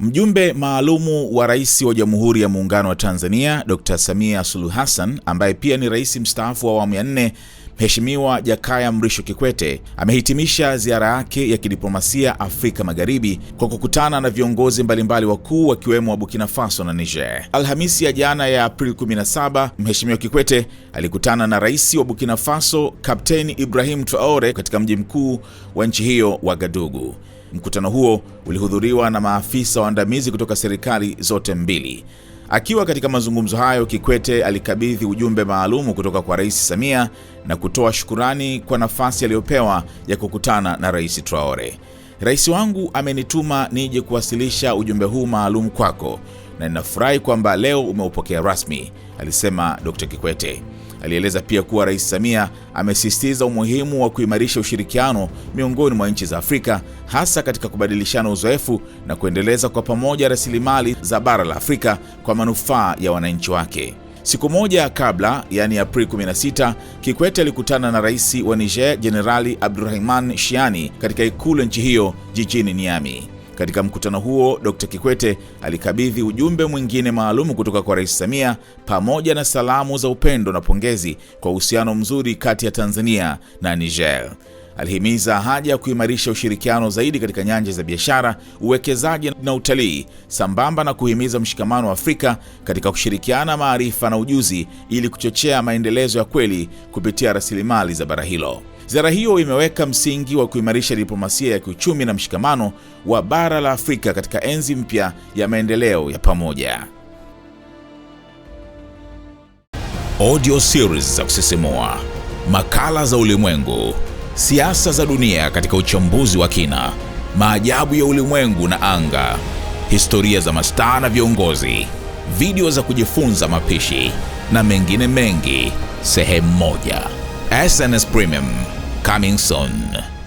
Mjumbe maalumu wa Rais wa Jamhuri ya Muungano wa Tanzania Dr. Samia Suluhu Hassan ambaye pia ni rais mstaafu wa awamu ya nne Mheshimiwa Jakaya Mrisho Kikwete amehitimisha ziara yake ya kidiplomasia Afrika Magharibi kwa kukutana na viongozi mbalimbali wakuu wakiwemo wa Burkina Faso na Niger. Alhamisi ya jana ya Aprili 17, Mheshimiwa Kikwete alikutana na Rais wa Burkina Faso Kapteni Ibrahim Traore katika mji mkuu wa nchi hiyo Wagadugu. Mkutano huo ulihudhuriwa na maafisa waandamizi kutoka serikali zote mbili. Akiwa katika mazungumzo hayo, Kikwete alikabidhi ujumbe maalumu kutoka kwa Rais Samia na kutoa shukurani kwa nafasi aliyopewa ya kukutana na Rais Traore. Rais wangu amenituma nije kuwasilisha ujumbe huu maalum kwako na ninafurahi kwamba leo umeupokea rasmi, alisema Dr. Kikwete. Alieleza pia kuwa Rais Samia amesisitiza umuhimu wa kuimarisha ushirikiano miongoni mwa nchi za Afrika hasa katika kubadilishana uzoefu na kuendeleza kwa pamoja rasilimali za bara la Afrika kwa manufaa ya wananchi wake. Siku moja kabla, yaani Aprili 16, Kikwete alikutana na Rais wa Niger Jenerali abdurahman Shiani katika ikulu nchi hiyo jijini Niamey. Katika mkutano huo, Dr. Kikwete alikabidhi ujumbe mwingine maalum kutoka kwa Rais Samia pamoja na salamu za upendo na pongezi kwa uhusiano mzuri kati ya Tanzania na Niger. Alihimiza haja ya kuimarisha ushirikiano zaidi katika nyanja za biashara, uwekezaji na utalii, sambamba na kuhimiza mshikamano wa Afrika katika kushirikiana maarifa na ujuzi ili kuchochea maendelezo ya kweli kupitia rasilimali za bara hilo. Ziara hiyo imeweka msingi wa kuimarisha diplomasia ya kiuchumi na mshikamano wa bara la Afrika katika enzi mpya ya maendeleo ya pamoja. Audio series za kusisimua, makala za ulimwengu, siasa za dunia katika uchambuzi wa kina, maajabu ya ulimwengu na anga, historia za mastaa na viongozi, video za kujifunza mapishi na mengine mengi, sehemu moja. SNS Premium. coming soon.